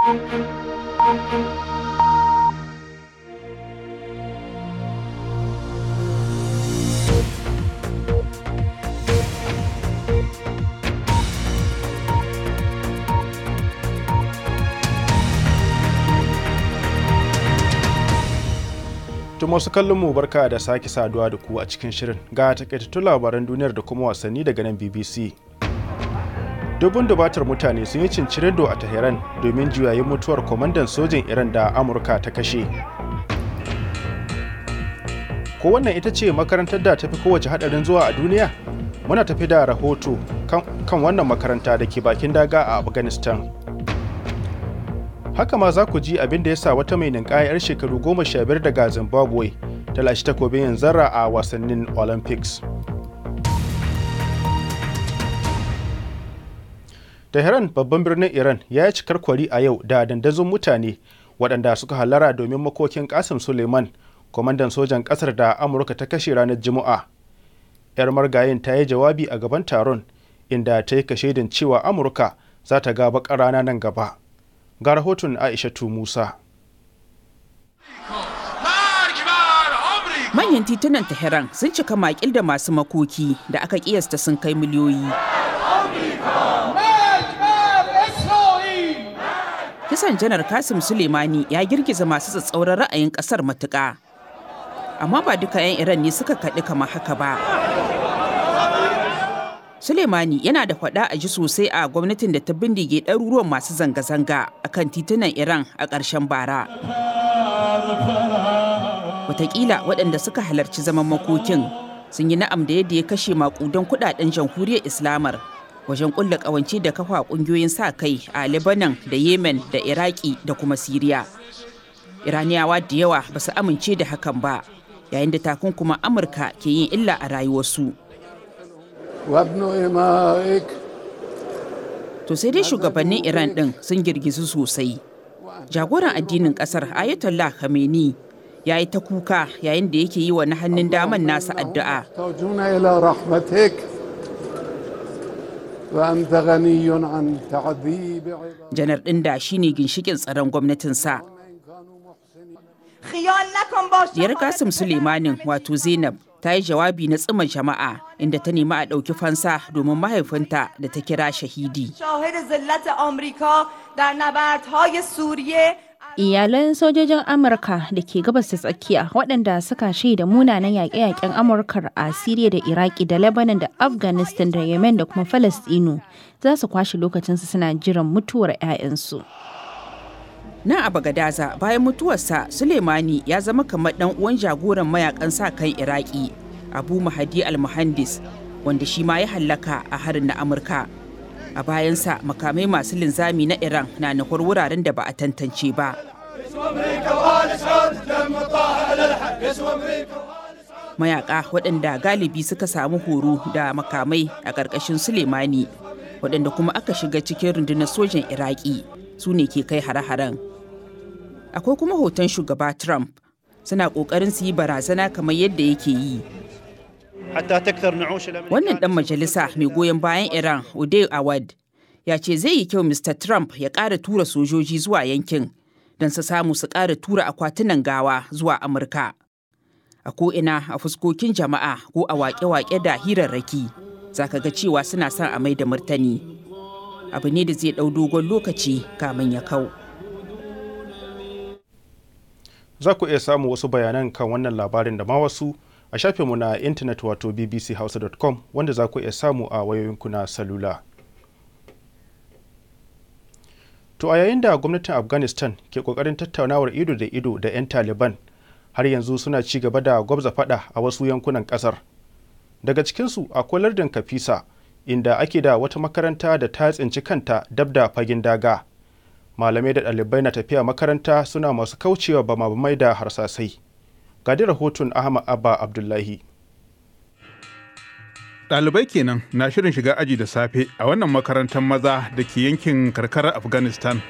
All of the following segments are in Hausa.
Tun wasu kallon mu barka da sake saduwa da ku a cikin shirin ga takaitattun labaran duniyar da kuma wasanni daga nan BBC. dubun dubatar mutane sun yi cincirindo a Tehran domin juyayin mutuwar kwamandan sojin Iran da Amurka ta kashe. Ko wannan ita ce makarantar da tafi kowace hadarin zuwa a duniya? Muna tafi da rahoto kan wannan makaranta da ke bakin daga a Afghanistan. Haka ma za ku ji abin da ya sa wata mai ninkaya 'yar shekaru goma sha biyar daga Zimbabwe ta lashe takobin zarra a wasannin Olympics. Tehran, babban birnin Iran, ya yi cikar kwari a yau da dandazon mutane waɗanda suka halara domin makokin Qasim suleiman kwamandan sojan ƙasar da Amurka ta kashe ranar Juma'a. 'Yar margayin ta yi jawabi a gaban taron, inda ta yi kashedin cewa Amurka za ta ga baƙar rana nan gaba. Ga rahoton Aishatu Musa. Manyan titunan Tehran sun cika makil da masu makoki da aka kiyasta sun kai miliyoyi. kisan janar kasim suleimani ya girgiza masu tsatsauran ra'ayin kasar matuƙa amma ba duka 'yan iran ne suka kaɗi kama haka ba suleimani yana da faɗa a ji sosai a gwamnatin da ta bindige ɗaruruwan masu zanga-zanga a kan titunan iran a ƙarshen bara wataƙila waɗanda suka halarci zaman makokin sun yi na'am da yadda ya kashe maƙudan kuɗaɗen jamhuriyar islamar wajen kulla kawance da kafa kungiyoyin sa kai a Lebanon da Yemen da Iraki da kuma Siriya. Iraniyawa da yawa ba su amince da hakan ba yayin da takunkuma Amurka ke yin illa a rayuwarsu. To sai dai shugabannin Iran ɗin sun girgizu sosai. Jagoran addinin ƙasar Ayatollah Khamenei ya yi ta kuka yayin da yake yi wa na hannun daman nasa addu'a. janar ɗin da shine ginshikin tsaron gwamnatinsa diyar kasim suleimanin wato zainab ta yi jawabi na tsiman jama'a inda ta nemi a ɗauki fansa domin mahaifinta da ta kira shahidi iyalan sojojin amurka da ke gabas da tsakiya waɗanda suka shaida munanan yaƙe-yaƙen amurka a siriya da iraki da lebanon da afghanistan da yemen da kuma falastinu za su kwashe lokacinsu suna jiran mutuwar 'ya'yansu na a bagadaza bayan mutuwarsa suleimani ya zama kamar ɗan uwan jagoran mayakan sa kan iraki abu mahadi al-muhandis wanda shi ma ya hallaka a harin na amurka a bayan sa, makamai masu linzami na iran na nufar wuraren da ba a tantance ba mayaka waɗanda galibi suka samu horo da makamai a ƙarƙashin sulemani waɗanda kuma aka shiga cikin rundunar sojan iraki su ne ke kai hare-haren akwai kuma hoton shugaba trump suna ƙoƙarin su yi barazana kamar yadda yake yi hatta Wannan dan majalisa mai goyon bayan Iran, Uday Awad, ya ce zai yi kyau Mr. Trump ya ƙara tura sojoji zuwa yankin don su samu su ƙara tura akwatunan gawa zuwa Amurka. A ko'ina a fuskokin jama'a ko a waƙe-waƙe da hirarraki, za ka ga cewa suna son a mai da martani. Abu ne da zai ɗau dogon lokaci kamin ya kau. Za ku iya samu wasu bayanan kan wannan labarin da ma wasu a shafinmu na intanet wato bbchausa.com wanda za ku iya samu a wayoyinku na salula. To a yayin da gwamnatin Afghanistan ke kokarin tattaunawar ido da ido da 'yan Taliban har yanzu suna ci gaba da gwabza fada a wasu yankunan kasar. Daga cikinsu akwai lardin Kafisa inda ake da wata makaranta da ta tsinci kanta dab da fagen daga. Malamai da ɗalibai na tafiya makaranta suna masu kaucewa bama-bamai da harsasai. Gadi rahoton Ahmad Abba Abdullahi. Ɗalibai kenan na shirin shiga aji da safe a wannan makarantar maza da ke yankin karkarar Afghanistan.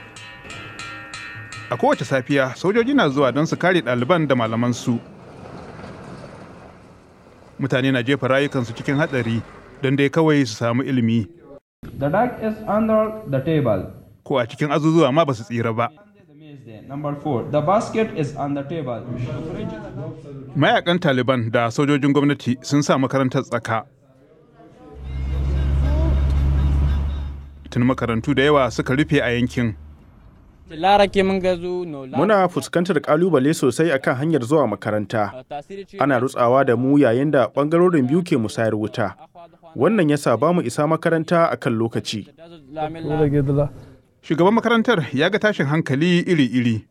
A kowace safiya, sojoji na zuwa don su kare ɗaliban da malaman su Mutane na jefa rayukansu cikin haɗari don dai kawai su samu ilimi. The is under the table. Ko a cikin azuzuwa ma ba su tsira ba. Mayakan Taliban da sojojin gwamnati sun sa makarantar tsaka. Tun makarantu da yawa suka rufe a yankin. Muna fuskantar kalubale sosai akan hanyar zuwa makaranta. Ana rutsawa da mu yayin da ɓangarorin biyu ke musayar wuta. Wannan ya sa ba mu isa makaranta akan lokaci. shugaban makarantar ya ga tashin hankali iri-iri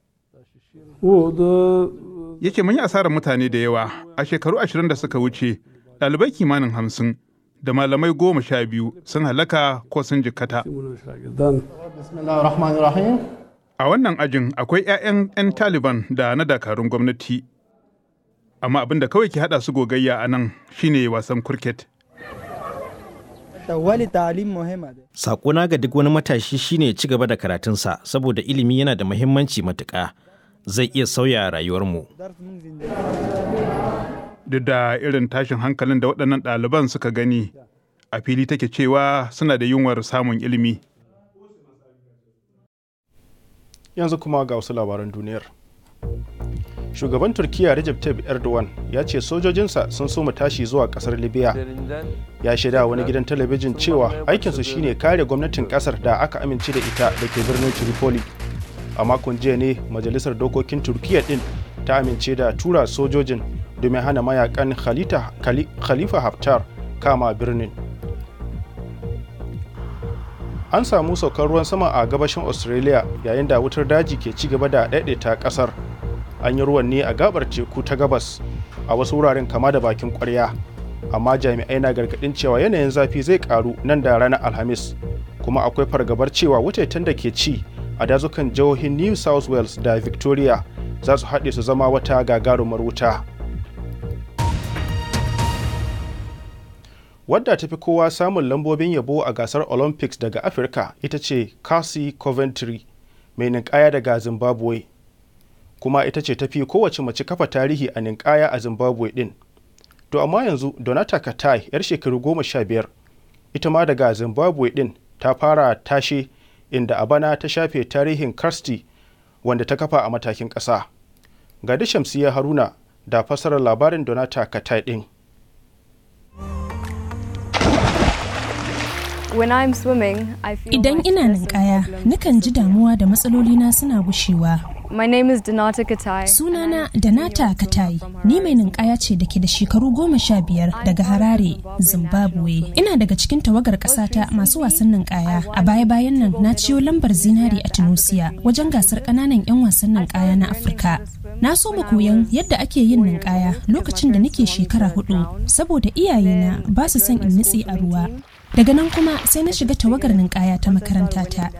ya ce mun yi asarar mutane da yawa a shekaru ashirin da suka wuce ɗalibai kimanin hamsin da malamai goma sha biyu sun halaka ko sun jikkata a wannan ajin akwai 'ya'yan 'yan taliban da na dakarun gwamnati amma abin da kawai ke haɗa su gogayya a nan shine wasan kurket wani ta'alim muhimma sakona ga duk wani matashi shine ya ci gaba da karatunsa saboda ilimi yana da muhimmanci matuƙa zai iya sauya rayuwarmu duk da irin tashin hankalin da waɗannan ɗaliban suka gani a fili take cewa suna da yunwar samun ilimi yanzu kuma ga wasu labaran duniyar shugaban turkiya Recep Tayyip Erdogan ya ce sojojinsa sun so mu tashi zuwa kasar Libya. Ya shaida wani gidan talabijin cewa aikinsu shine kare gwamnatin kasar da aka amince da ita da ke birnin Tripoli. A makon jiya ne majalisar dokokin turkiyya din ta amince da tura sojojin domin hana mayakan Khalifa Haftar kama birnin. An samu saukar ruwan sama a gabashin Australia yayin da wutar daji ke ci gaba da daidaita kasar. an yi ruwan ne a gabar teku ta gabas a wasu wuraren kama da bakin kwarya amma jami'ai na gargadin cewa yanayin zafi zai karu nan da ranar alhamis kuma akwai fargabar cewa wutatan da ke ci a dazukan jihohin new south wales da victoria za su haɗe su zama wata gagarumar wuta wadda ta fi kowa samun lambobin yabo a gasar olympics daga afirka ita ce cassie coventry mai ninkaya daga zimbabwe kuma ita ce tafi kowace mace kafa tarihi a ninkaya a zimbabwe din to amma yanzu donata katai yar shekaru goma sha biyar ita ma daga zimbabwe din ta fara tashe inda a bana ta shafe tarihin karsti wanda ta kafa a matakin ƙasa ga shamsiya haruna da fasarar labarin donata katai din Idan ina ninkaya, nakan ji damuwa da matsaloli na suna gushewa Sunana Danata Katai, ni mai ninkaya ce da ke da shekaru goma sha biyar daga Harare, Zimbabwe. Ina daga cikin tawagar ƙasata masu wasan ninkaya. A baya-bayan nan na ciyo lambar zinari a Tunusia wajen gasar ƙananan 'yan wasan ninkaya na Afirka. Na so mu koyan yadda ake yin ninkaya lokacin da nake shekara hudu, saboda iyayena ba su son in nutse a ruwa. Daga nan kuma sai na shiga tawagar ninkaya ta makarantata.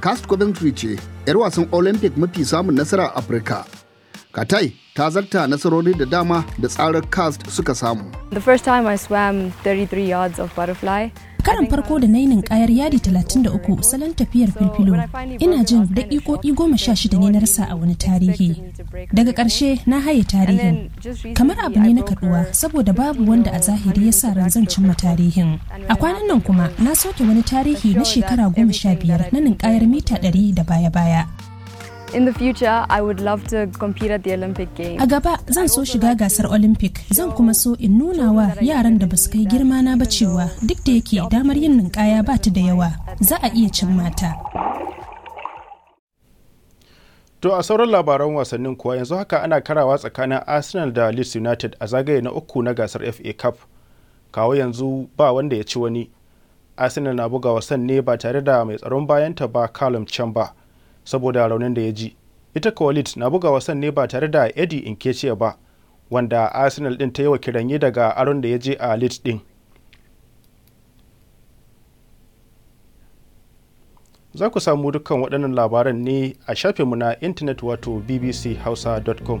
Cast Coventry ce 'yar wasan Olympic mafi samun nasara a Afirka. Katai ta zarta nasarori da dama da tsarar cast suka samu. The first time I swam 33 yards of butterfly, karan farko da na yi ninkayar yadi 33 salon tafiyar filfilo ina jin daƙiƙoƙi goma sha shida ne na rasa a wani tarihi daga ƙarshe na haye tarihin kamar abu ne na kaduwa saboda babu wanda a zahiri ya sa ran zan cimma tarihin a kwanan nan kuma na soke wani tarihi na shekara goma sha biyar na ninkayar mita 100 da baya-baya In the future, I would love to compete at the Olympic Games. A gaba zan so shiga gasar Olympic, zan kuma so in nuna wa yaran da basu kai girma na ba cewa duk da yake damar yin ninkaya ba ta da yawa, za a iya cin mata. To a sauran labaran wasannin kuwa yanzu haka ana karawa tsakanin Arsenal da Leeds United a zagaye na uku na gasar FA Cup. Kawo yanzu ba wanda ya ci wani. Arsenal na buga wasan ne ba tare da mai tsaron bayanta ba Callum Chamber. saboda raunin da ya ji ita Khalid na buga wasan ne ba tare da Eddie Nketiah ba wanda Arsenal din ta yi wa yi daga aron da ya je a lit din za ku samu dukkan waɗannan labaran ne a shafinmu na intanet wato bbchausa.com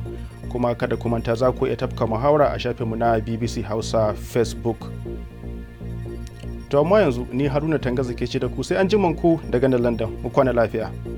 kuma kada ku manta za ku iya tafka muhawara a shafinmu na bbc hausa facebook to amma yanzu ni haruna tanga ke ce da ku sai an ku daga nan london mu kwana lafiya